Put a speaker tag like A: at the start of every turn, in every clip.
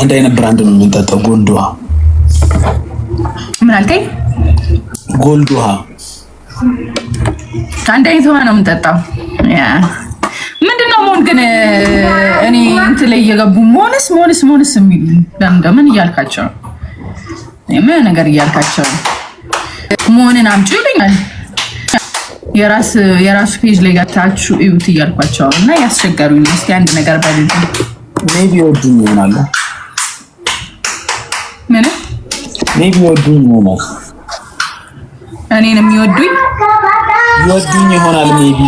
A: አንድ አይነት ብራንድ ነው የምንጠጣው። ጎልድ ውሃ። ምን አልከኝ? ጎልድ ውሃ።
B: አንድ አይነት ውሃ ነው የምንጠጣው። ምንድነው መሆን ግን እኔ እንትን ላይ እየገቡ መሆንስ መሆንስ መሆንስ የሚል ምን እያልካቸው ነው? ምን ነገር እያልካቸው ነው? መሆንን አምጪ ይሉኛል። የራስ የራሱ ፔጅ ላይ ገብታችሁ እዩት እያልኳቸው እና ያስቸገሩኝ። እስኪ አንድ ነገር በልልኝ
A: ሜቢ ወዱኝ ይሆናሉ። ምን እኔ ቢወዱኝ ይሆናል
B: እኔንም ይወዱኝ
A: ይወዱኝ ይሆናል ሜቢ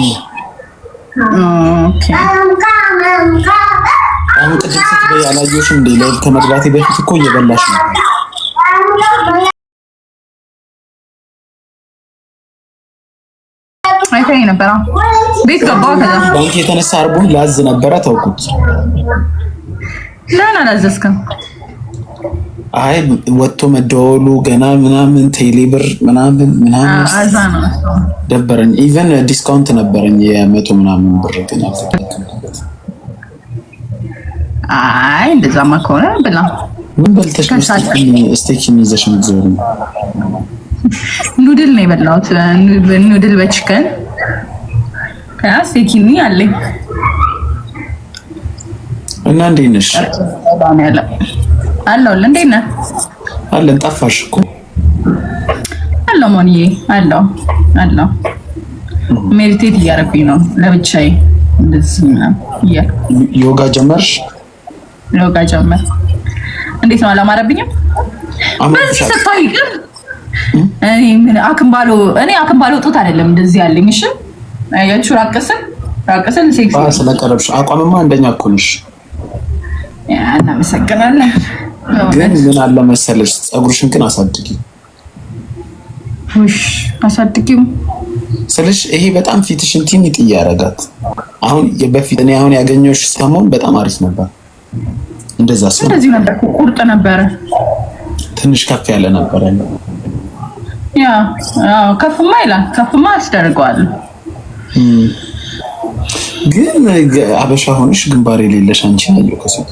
A: አሁን ቅድም ስትበይ አላየሁሽም እንዴ? ላይ ከመግባቴ በፊት እኮ እየበላሽ ነው።
B: አይተኸኝ ነበረ። ቤት ገባሁ። ከዛ
A: ባንክ የተነሳ አርቦኝ ላዝ ነበረ። ተውኩት።
B: ለምን አላዘዝክም?
A: አይ ወጥቶ መደወሉ ገና ምናምን ቴሌብር ምናምን ምናምን ደበረኝ። ኢቨን ዲስካውንት ነበረኝ የመቶ ምናምን ብር ግን
B: አይ እንደዛማ ከሆነ ብላ
A: ምን በልተሽ ስቴክ የሚይዘሽ ምትዞሩ?
B: ኑድል ነው የበላሁት፣ ኑድል በችከን ስቴኪኒ አለኝ እና እንዴት ነሽ? አለሁልህ። እንዴት ነህ?
A: አለን። ጠፋሽ እኮ።
B: አለሁ ሞንዬ፣ አለሁ አለሁ። ሜዲቴት እያደረኩኝ ነው ለብቻዬ፣ እንደዚህ
A: ዮጋ ጀመርሽ?
B: ዮጋ ጀመር። እንዴት ነው? አላማረብኝም። በዚህ ስታይ ግን እኔ ምን አክምባሎ እኔ አክምባሎ ጡት አይደለም እንደዚህ ያለኝ። እሺ ያችሁ ራቅስን ራቅስን ሴክስ
A: ስለቀረብሽ አቋምማ አንደኛ እኮ ነሽ።
B: እናመሰግናለን።
A: ግን ምን አለ መሰለሽ ፀጉርሽን ግን አሳድጊ አሳድጊው ስልሽ ይሄ በጣም ፊትሽን ቲኒት እያረጋት አሁን በፊት እኔ አሁን ያገኘሁሽ ሰሞን በጣም አሪፍ ነበር። እንደዛ ሰው
B: እንደዚህ ነበር ቁርጥ ነበረ
A: ትንሽ ከፍ ያለ ነበረ።
B: ያ አዎ ከፍማ ይላል ከፍማ አስደርገዋለሁ።
A: ግን አበሻ ሆንሽ ግንባር የሌለሽ አንቺ ነው ከሰው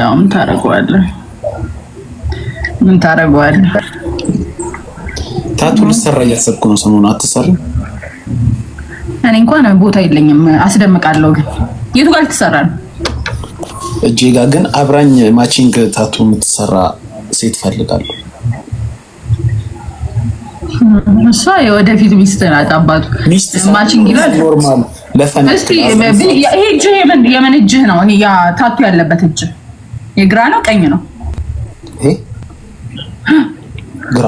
B: ያውም ታረገዋለህ። ምን ታረገዋለህ?
A: ታቱ ልሰራ እያሰብኩ ነው ሰሞኑን። አትሰሪም?
B: እኔ እንኳን ቦታ የለኝም። አስደምቃለሁ። ግን የቱ ጋር ልትሰራ ነው?
A: እጄ ጋር ግን አብራኝ ማቺንግ ታቱ የምትሰራ ሴት ፈልጋለሁ።
B: እሷ የወደፊት ሚስት ናት። አባቱ ሚስት ማቺንግ
A: ይላል ኖርማል
B: ይሄ እጅ የምን እጅህ ነው? ያ ታቱ ያለበት እጅህ የግራ ነው ቀኝ ነው? ግራ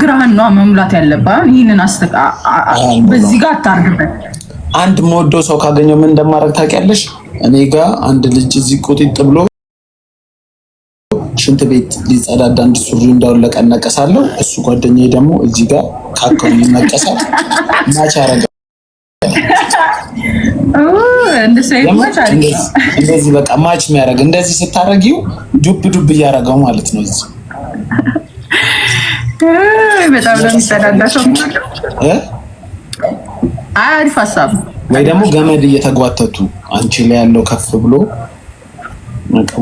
B: ግራህን መሙላት ያለብህ። ይህንን በዚህ ጋር አታርግበት።
A: አንድ መወደው ሰው ካገኘው ምን እንደማደርግ ታውቂያለሽ? እኔ ጋር አንድ ልጅ እዚህ ቁጢጥ ብሎ ሽንት ቤት ሊጸዳዳ አንድ ሱሪ እንዳወለቀ እነቀሳለሁ። እሱ ጓደኛዬ ደግሞ እዚህ ጋር ካከሉ ይነቀሳል። እንደዚህ በቃ ማች የሚያደርግ እንደዚህ ስታደርጊው ዱብ ዱብ እያደረገው ማለት ነው። እዚህ
B: በጣም ነው የሚሰዳዳቸው። አሪፍ ሀሳብ
A: ወይ ደግሞ ገመድ እየተጓተቱ አንቺ ላይ ያለው ከፍ ብሎ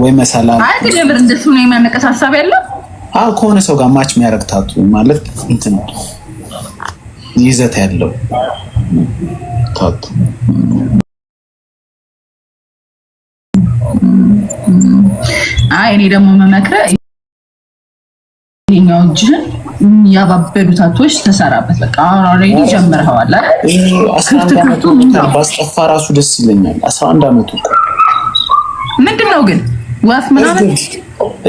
A: ወይ መሰላል
B: አይ ግብር እንደሱ ነው የሚያነቀስ ሀሳብ ያለው
A: አዎ ከሆነ ሰው ጋር ማች የሚያደርግ ታቱ ማለት እንትን ይዘት ያለው መፍታት
B: አይ እኔ ደግሞ መመክረ ይሄኛው እጅህን ተሰራበት። በቃ አሁን አይደል?
A: ባስጠፋ ራሱ ደስ ይለኛል። አስራ አንድ አመቱ
B: ምንድን ነው ግን ወፍ ምናምን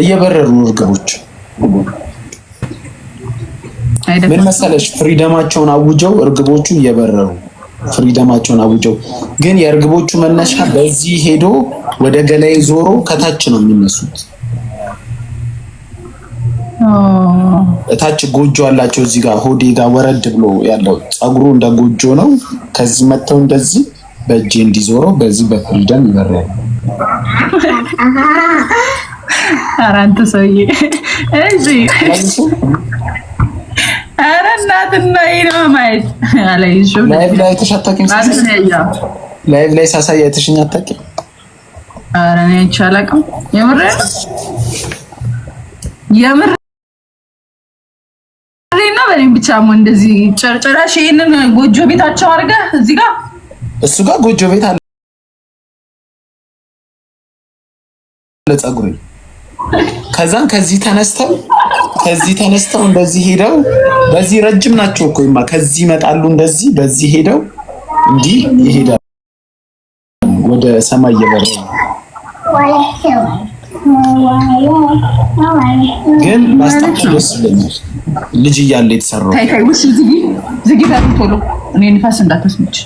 A: እየበረሩ እርግቦች ምን መሰለሽ ፍሪደማቸውን አውጀው እርግቦቹ እየበረሩ ፍሪደማቸውን አውጀው ግን የእርግቦቹ መነሻ በዚህ ሄዶ ወደ ገላይ ዞሮ ከታች ነው የሚነሱት። እታች ጎጆ አላቸው። እዚህ ጋር ሆዴ ጋር ወረድ ብሎ ያለው ጸጉሩ እንደ ጎጆ ነው። ከዚህ መጥተው እንደዚህ በእጄ እንዲዞረው በዚህ በፍሪደም ይበራል።
B: አራንተ ሰውዬ እዚህ ኧረ እናትና ነው ማየት
A: ላይቭ ላይ ሳሳይ አይተሽኝ አታውቂም?
B: ኧረ እኔ አይቼ አላውቅም። የምር እና በእኔም ብቻ እንደዚህ ጨርጨራሽ ይሄንን ጎጆ ቤታቸው አድርገህ እዚህ ጋር
A: እሱ ጋር ጎጆ ቤት አለ ለጸጉሬ ከዛም ከዚህ ተነስተው ከዚህ ተነስተው እንደዚህ ሄደው በዚህ ረጅም ናቸው እኮ ይማ ከዚህ ይመጣሉ፣ እንደዚህ በዚህ ሄደው እንዲህ ይሄዳል ወደ ሰማይ የበረ ግን ባስታችሁ ደስ ይለኛል። ልጅ እያለ የተሰራው
B: ታይታይ ውሽ ዝጊ ዝጊ ቶሎ እኔ ንፋስ እንዳታስመች።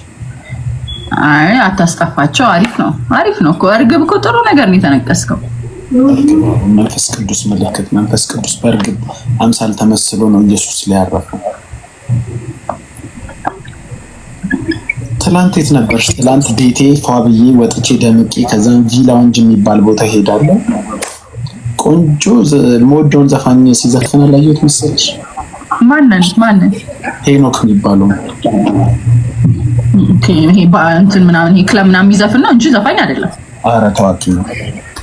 B: አይ አታስጠፋቸው። አሪፍ ነው አሪፍ ነው እኮ እርግብ እኮ ጥሩ ነገር ነው የተነቀስከው።
A: መንፈስ ቅዱስ ምልክት መንፈስ ቅዱስ በእርግጥ አምሳል ተመስሎ ነው ኢየሱስ ላይ ያረፈው። ትላንት የት ነበር? ትላንት ቤቴ ፏብዬ ወጥቼ ደምቄ ከዛም ቪ የሚባል ቦታ ይሄዳለ። ቆንጆ መወደውን ዘፋኝ ሲዘፍን ላየት መሰለሽ።
B: ማንን ማንን?
A: ሄኖክ የሚባለው
B: ይሄ ምናምን ክለብ ምናምን የሚዘፍን ነው እንጂ ዘፋኝ አይደለም።
A: አረ ታዋቂ ነው።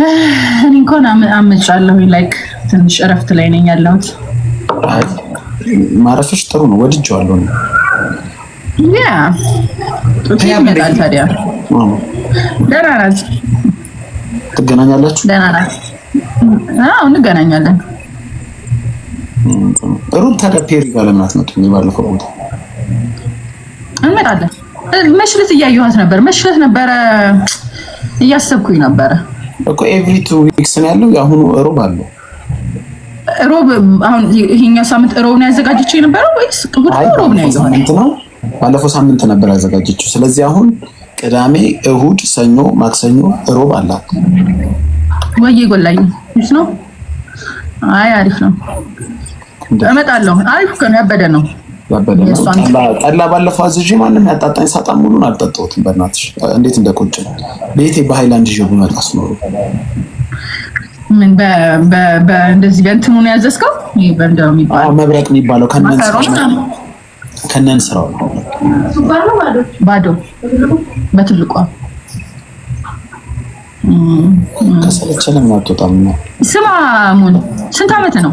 B: እኔ እንኳን አመጫለሁ። ላይክ ትንሽ እረፍት ላይ ነኝ ያለሁት።
A: ማረፍሽ ጥሩ ነው፣ ወድጄዋለሁ።
B: ያ ይመጣል። ታዲያ ደህና ናት።
A: ትገናኛላችሁ?
B: ደህና ናት። አዎ እንገናኛለን።
A: ሩት ታዲያ ፔሪ ጋር ለምን አትመጡም? የባለፈው ሩት
B: እንመጣለን። መሽለት እያየኋት ነበር። መሽለት ነበረ እያሰብኩኝ ነበረ
A: እኮ ኤቭሪ ቱ ዊክስ ነው ያለው። የአሁኑ ሮብ አለው።
B: ሮብ አሁን ይሄኛው ሳምንት ሮብ ነው ያዘጋጀችው የነበረው ወይስ ሮብ ነው
A: ያዘጋጀው? ባለፈው ሳምንት ነበር ያዘጋጀችው። ስለዚህ አሁን ቅዳሜ፣ እሁድ፣ ሰኞ፣ ማክሰኞ፣ ሮብ አላት።
B: ወይዬ ጎላኝ ነው። አይ አሪፍ ነው። እመጣለሁ። አሪፍ ነው። ያበደ ነው።
A: ጠላ ባለፈው አዝዤ ማንም ያጣጣኝ ሳጣን ሙሉን አልጠጣሁትም። በእናትሽ እንዴት እንደቆጭ ቤቴ በሀይላንድ ይዤ ብመጣ ስኖሩ
B: እንደዚህ በእንትኑ ነው ያዘዝከው
A: መብረቅ የሚባለው ከነን ስራው
B: ባዶ በትልቋ
A: ከሰለቸለም አትወጣም።
B: ስማ ሙን ስንት አመት ነው?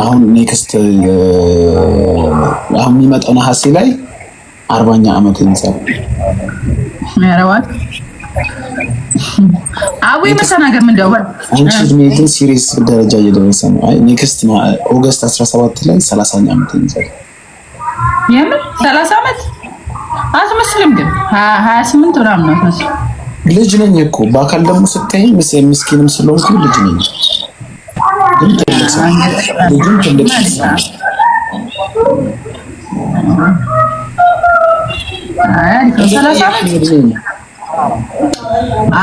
A: አሁን ኔክስት አሁን የሚመጣው ነሐሴ ላይ አርባኛ ዓመት ይንጻል።
B: ያረዋል አቡ መሰናገር ምንድነው?
A: አንቺ እድሜ ግን ሲሪየስ ደረጃ እየደረሰ ነው። አይ ኔክስት ኦገስት 17 ላይ 30 ዓመት ይንጻል።
B: የምን 30 ዓመት አትመስልም፣ ግን 28 ምናምን ነው።
A: ልጅ ነኝ እኮ በአካል ደግሞ ስታይ ምስኪንም ስለሆንኩ ልጅ ነኝ ልጁም ትልቅ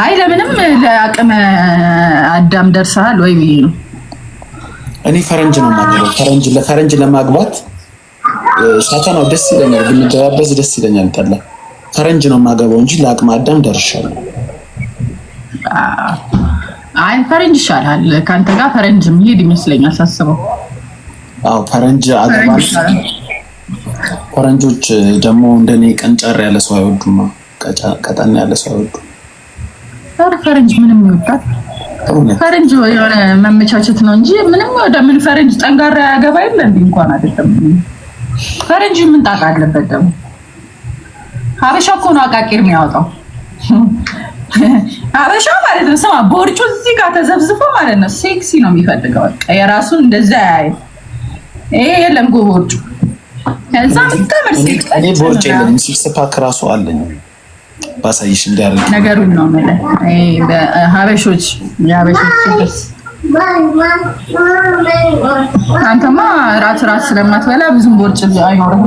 B: አይ ለምንም ለአቅመ አዳም ደርሰሃል ወይ?
A: እኔ ፈረንጅ ነው የማገባው። ፈረንጅ ለፈረንጅ ለማግባት ሳተናው ደስ ይለኛል፣ ብንገባበዝ ደስ ይለኛል። ጠላ ፈረንጅ ነው የማገባው እንጂ ለአቅመ አዳም ደርሻለሁ።
B: አይ ፈረንጅ ይሻላል። ከአንተ ጋር ፈረንጅ የሚሄድ ይመስለኛል ሳስበው።
A: አዎ ፈረንጅ አገባ። ፈረንጆች ደግሞ እንደኔ ቀንጨር ያለ ሰው አይወዱም፣ ቀጠን ያለ ሰው አይወዱም።
B: አረ ፈረንጅ ምንም ይወዳል። ፈረንጅ የሆነ መመቻቸት ነው እንጂ ምንም ወደ ምን ፈረንጅ ጠንጋራ ያገባ የለ እንዴ? እንኳን አይደለም ፈረንጅ ምን ጣጣ አለበት ደግሞ። ሀበሻ እኮ ነው አቃቂር የሚያወጣው አበሻው ማለት ነው። ስማ ቦርጩ እዚህ ጋር ተዘብዝፎ ማለት ነው። ሴክሲ ነው የሚፈልገው በቃ የራሱን እንደዛ ያይ ይሄ የለም ጎ ቦርጩ ከዛ ምታምር ሴክሲ
A: እኔ ቦርጭ የለም ሲክስ ፓክ ራሱ አለኝ ባሳይሽ እንዳረግ
B: ነገሩን ነው ማለት ይሄ በሀበሾች የሀበሾች አንተማ ራት ራት ስለማትበላ ብዙም ቦርጭ አይኖርም።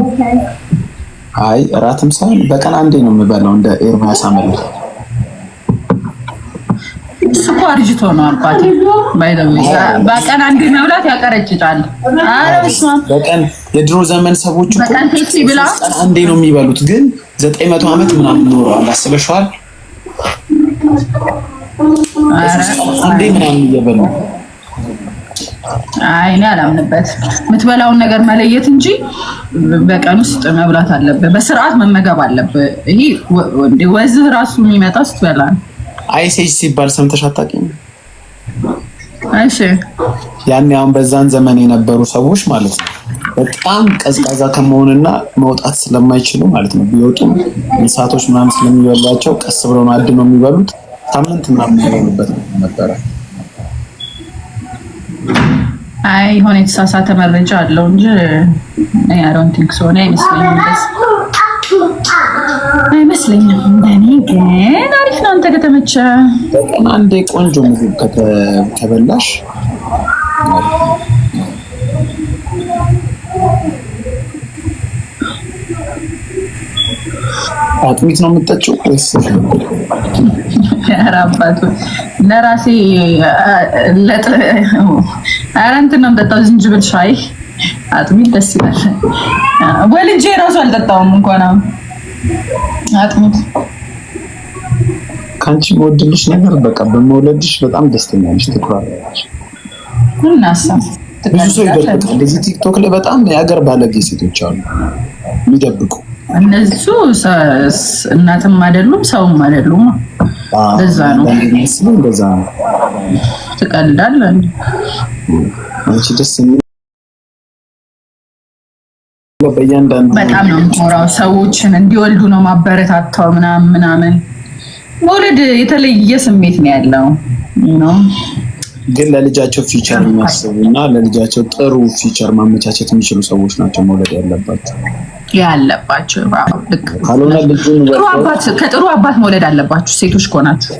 A: አይ ራትም ሳይሆን በቀን አንዴ ነው የምበላው እንደ ኤርሚያስ አመለከት
B: አርጅቶ ነው አልኳት። በቀን አንድ መብላት ያቀረጭጫል።
A: በቀን የድሮ ዘመን ሰዎች ብላ አንዴ ነው የሚበሉት፣ ግን 900 መቶ ዓመት ምናምን ኖረዋል። አስበሽዋል? አንዴ ምናምን እየበሉ
B: አይ እኔ አላምንበት። የምትበላውን ነገር መለየት እንጂ በቀን ውስጥ መብላት አለብህ፣ በስርዓት መመገብ አለብህ። ይሄ ወዝህ ራሱ የሚመጣ ስትበላ ነው።
A: አይሴጅ ሲባል ሰምተሽ አታውቂም? እሺ ያኔ አሁን በዛን ዘመን የነበሩ ሰዎች ማለት ነው በጣም ቀዝቃዛ ከመሆንና መውጣት ስለማይችሉ ማለት ነው ቢወጡም እንስሳቶች ምናምን ስለሚበሏቸው ቀስ ብለው ማድ ነው የሚበሉት። ሳምንት ምናምን የሚበሉበት ነበረ።
B: አይ የሆነ የተሳሳተ መረጃ አለው እንጂ አይ አይ ዶንት ቲንክ ሶ ነው አይመስለኝም። አይመስለኝም። እንደኔ ግን አሪፍ ነው። አንተ ከተመቸ
A: በቀን ቆንጆ ምግብ ከበላሽ አጥሚት ነው የምጠጪው ወይስ?
B: አባቱ ለራሴ ለጥ ነው የምጠጣው፣ ዝንጅብል ሻይ አጥሚት ደስ ይላል። ወልጄ ራሱ አልጠጣውም እንኳን አሁን አጥሙት።
A: ከአንቺ መወድልሽ ነገር በቃ በመውለድሽ በጣም ደስተኛ ነሽ፣ ትኩራለሽ። ብዙ ሰው ይደብቃል። እዚህ ቲክቶክ ላይ በጣም የአገር ባለጌ ሴቶች አሉ የሚደብቁ።
B: እነሱ እናትም አይደሉም ሰውም አይደሉም። በዛ ነው በዛ ነው። ትቀልዳለህ
A: አንቺ ደስ በጣም
B: ነው የምኮራው። ሰዎችን እንዲወልዱ ነው ማበረታታው። ምናምን ምናምን መውለድ የተለየ ስሜት ነው ያለው።
A: ግን ለልጃቸው ፊቸር የሚያስቡ እና ለልጃቸው ጥሩ ፊቸር ማመቻቸት የሚችሉ ሰዎች ናቸው መውለድ ያለባቸው
B: ያለባቸው
A: ካልሆነ ልጁን
B: ከጥሩ አባት መውለድ አለባችሁ ሴቶች ከሆናችሁ